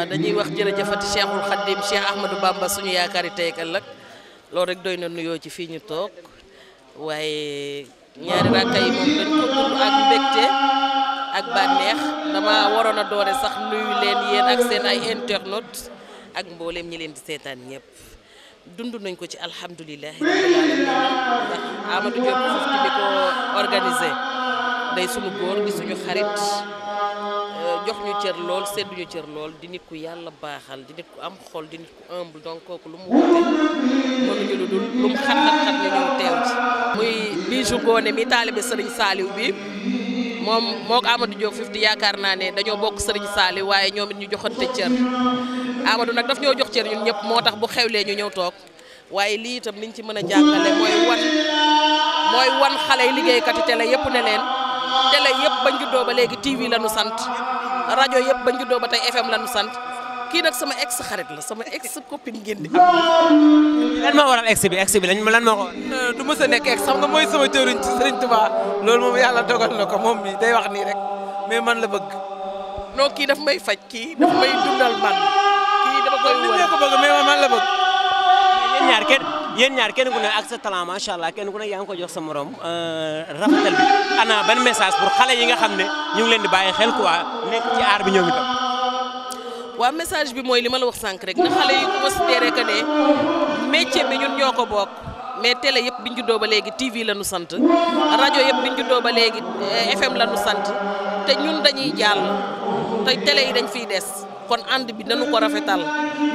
waaw dañuy wax jërëjëfati Cheikhul Khadim Cheikh Ahmadou Bamba suñu yaakaari tey ak ëllëg loolu rek doy na nuyoo ci fii ñu toog waaye ñaari rakka yi moom dañ ko ak mbégte ak bànneex dama waroon a doore sax nuyu leen yéen ak seen ay internautes ak mbooleem ñi leen di seetaan ñëpp dund nañ ko ci alhamdulilah ndax Amadou Diop foofu di ko organisé day suñu góor di suñu xarit jox ñu cër lool séddu ñu cër lool di nit ku yàlla baaxal di nit ku am xol di nit ku humble donc kooku lu mu woote mënuñu lu dul lu mu xat-xat-xat ñu ñëw teew muy Bijou Ngoné mi taalibe Serigne saaliw bi moom moo ko Amadou Diop fif yaakaar naa ne dañoo bokk sëriñ Saliou waaye ñoom it ñu joxante cër Amadou nag daf ñoo jox cër ñun ñëpp moo tax bu xew xewlee ñu ñëw toog waaye lii itam niñ ci mën a jàngale mooy wan mooy wan xale yi liggéeykati télé yëpp ne rajo yëpp ba doo ba tey FM lañu sant kii nag sama ex xarit la sama ex copine ngeen di am. lan moo waral ex bi ex bi lan ma moo ko. Euh, du ma a nekk ex xam mooy sama jëriñ ci Sëriñ Tuubaa loolu moom yàlla dogal na ko moom mi day wax nii rek mais man la bëgg. non kii daf may faj kii daf may dundal man kii dama koy wër ko bëgg mais man la bëgg. ñaar kenn. yéen ñaar kenn ku ne ak sa talent macha allah kenn ku ne yaa ngi ko jox sa morom euh, rafetal bi ana ban message pour xale yi nga xam ne ñu leen di bàyyi xel quoi nekk ci aar bi ñoom waa waaw message bi mooy li ma la wax sànq rek na xale yi considéré que ne métier bi ñun ñoo ko bokk mais télé yëpp bi ñu doo ba léegi TV la ñu sant rajo yëpp bi ñu juddoo ba léegi eh, FM la ñu sant te ñun dañuy jàll te télé yi dañ fiy des kon ànd bi nañu ko rafetal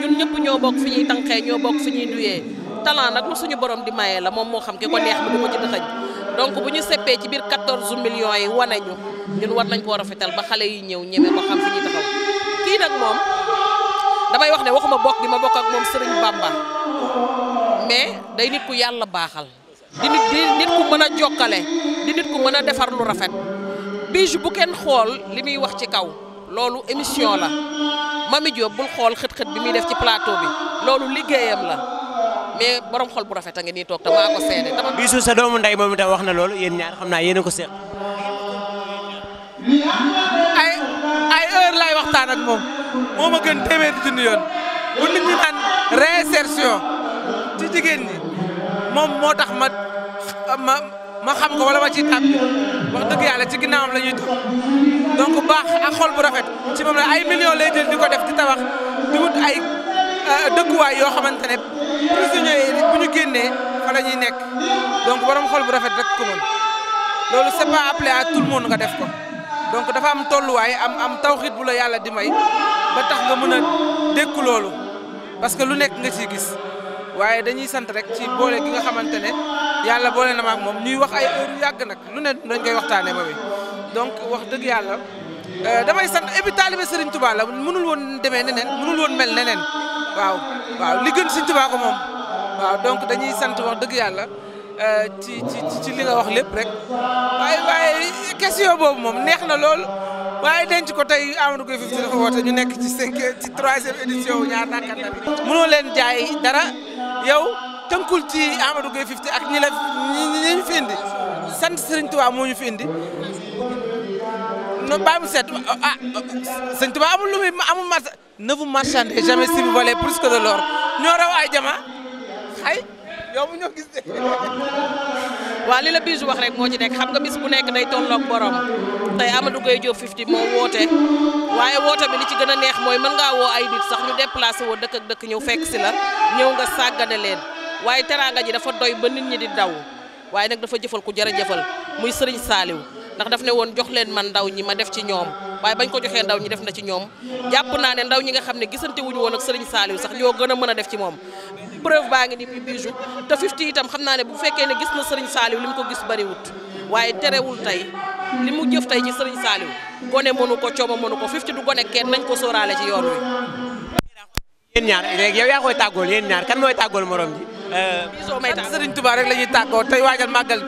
ñun ñëpp ñuy tànqee ñoo bokk fi talent nag lu suñu borom di maye la moom moo xam ki ko neex bi du ko ci dëxañ donc bu ñu seppee ci biir 14 millions yi wane ñu ñun war nañ koo rafetal ba xale yi ñëw ñeme ko xam fi ñuy taxaw kii nag moom damay wax ne waxuma bokk di ma bokk ak moom Serigne Bamba mais day nit ku yàlla baaxal di nit di ku mën a jokkale di nit ku mën a defar lu rafet Bijou bu kenn xool li muy wax ci kaw loolu émission la Mamy Diop bul xool xët-xët bi muy def ci plateau bi loolu liggéeyam la mais borom xol bu rafet a ngi nii toog te maa ko seede. bisu sa doomu nday moom itam wax na loolu yéen ñaar xam naa yéen ko seq. ay ay heure lay waxtaan ak moom moo ma gën téeméeri junni yoon bu nit ñi naan réinsertion ci jigéen ñi moom moo tax ma ma ma xam ko wala ma ci tàmm wax dëgg yàlla ci ginnaawam la ñuy def donc baax ak xol bu rafet ci moom la ay millions lay jël di ko def di tabax di ay. Euh, dëkkuwaay yoo xamante ne prisonniers yi bu ñu génnee fa la ñuy nekk donc borom xol bu rafet rek ko mën loolu c'est pas appelé à tout nga def ko donc dafa am tolluwaay am am tawxiit bu la yàlla di may ba tax nga mën a dékku loolu parce que lu nekk nga ciy gis waaye dañuy sant rek ci boole gi nga xamante ne yàlla boole na ma ak moom ñuy wax ay heure yàgg nag lu ne dañ koy waxtaanee ba bi donc wax dëgg yàlla. Euh, damay sant et puis taalibe Serigne Touba la mënul woon demee neneen mënul woon mel neneen waaw waaw li gën Serigne Touba ko moom waaw donc dañuy sant wax dëgg yàlla euh, ci ci ci li nga wax lépp rek waaye waaye question boobu moom neex na lool waaye denc ko tey Amadou Gueye Fifty dafa woote ñu nekk ci cinq ci troisième édition ñaar nakkat na bi leen jaay dara yow tënkul ci Amadou Gueye Fifty ak ñi la ñi ñu fi indi sant Serigne Touba moo ñu fi indi non bàyyi mu set ah sëñ Tuba amul lu amul marché ne vous marchandez jamais si vous volez plus que de l'or ñoo raw ay jama xay yow bu ñoo gis de waaw li la Bijou wax rek moo ci nekk xam nga bis bu nekk nay tolloog borom tey Amadou Gueye Diop 50 moo woote waaye woote bi li ci gën a neex mooy mën ngaa woo ay nit sax ñu déplacé woo dëkk dëkk ñëw fekk si la ñëw nga sàggane leen waaye teraanga ji dafa doy ba nit ñi di daw waaye nag dafa jëfal ku jërëjëfal muy Serigne Saliou ndax daf ne woon jox leen man ndaw ñi ma def ci ñoom waaye bañ ko joxee ndaw ñi def na ci ñoom jàpp naa ne ndaw ñi nga xam ne gisante wuñu woon ak Serigne Saliou sax ñoo gën a mën a def ci moom preuve baa ngi ni bi bijou te fifty itam xam naa ne bu fekkee ne gis na Serigne Saliou li mu ko gis bariwut waaye terewul tey li mu jëf tey ci Serigne Saliou gone mënu ko cooma mënu ko fifty du gone kenn nañ ko sóoraale ci yoon wi yéen ñaar léegi yaa koy tàggool yéen ñaar kan mooy tàggool morom ji euh, Bijou may tàggool Serigne Touba rek la ñuy tàggoo tey waajal màggal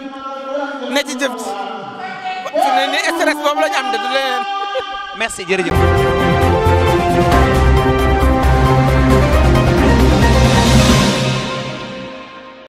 ne ci jëf su ne nii stress boobu la ñu am de du leneen merci jërëjëf.